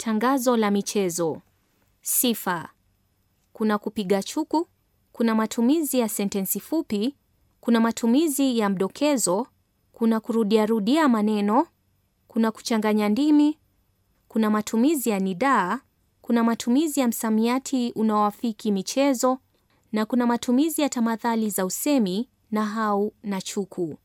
Tangazo la michezo. Sifa: kuna kupiga chuku, kuna matumizi ya sentensi fupi, kuna matumizi ya mdokezo, kuna kurudiarudia maneno, kuna kuchanganya ndimi, kuna matumizi ya nidaa, kuna matumizi ya msamiati unaoafiki michezo na kuna matumizi ya tamathali za usemi, nahau na chuku.